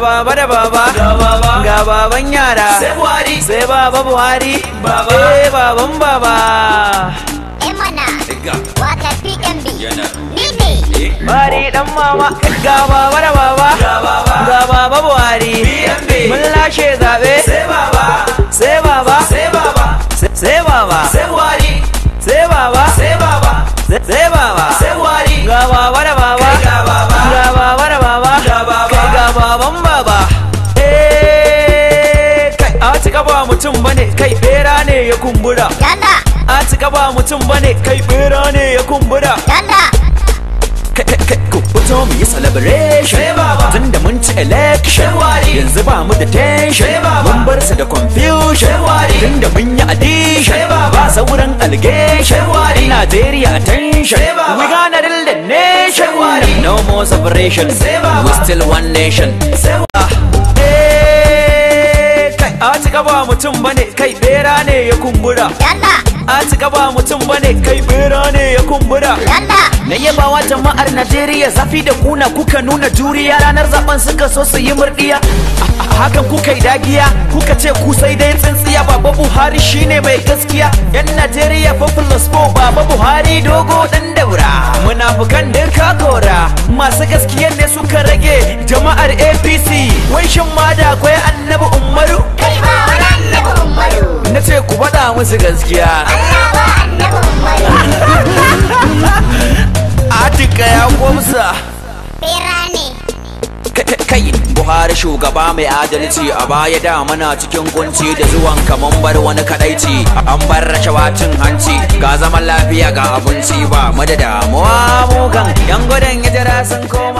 ga baba da baba ga baban yara sai baba buhari eh baban baba eh. Bari dan mama ga baba da baba ga baba buhari mun lashe zabe mutum bane kai bera ne ya kumbura yalla a atika ba mutum bane kai bera ne ya kumbura yalla ku fito mu yi celebration baba tun da mun ci election wari yanzu ba mu da tension baba mun bar su da confusion wari tun da mun yi addition baba sauran allegation Nigeria attention we gonna rule the nation wari no more separation we still one nation mutum bane kai bera ne ya kumbura Atika ba mutum bane kai bera ne ya kumbura Na yabawa jama'ar Najeriya zafi da kuna kuka nuna juriya ranar zaben suka so su yi murdiya Hakan kuka yi dagiya kuka ce ku sai dai tsintsiya baba Buhari shine mai gaskiya Yan Najeriya populous plus baba Buhari dogo dan daura Munafukan ka kora? masu gaskiya ne suka rage jama'ar APC wai shin ma da akwai annabi Umaru faɗa musu gaskiya atika ya gwamsa kai buhari shugaba mai adalci a baya da mana cikin kunci da zuwan kaman bar wani kadaici an bar rashawa cin hanci ga zaman lafiya ga abinci ba mu da damuwa mugan yan gudan hijira sun koma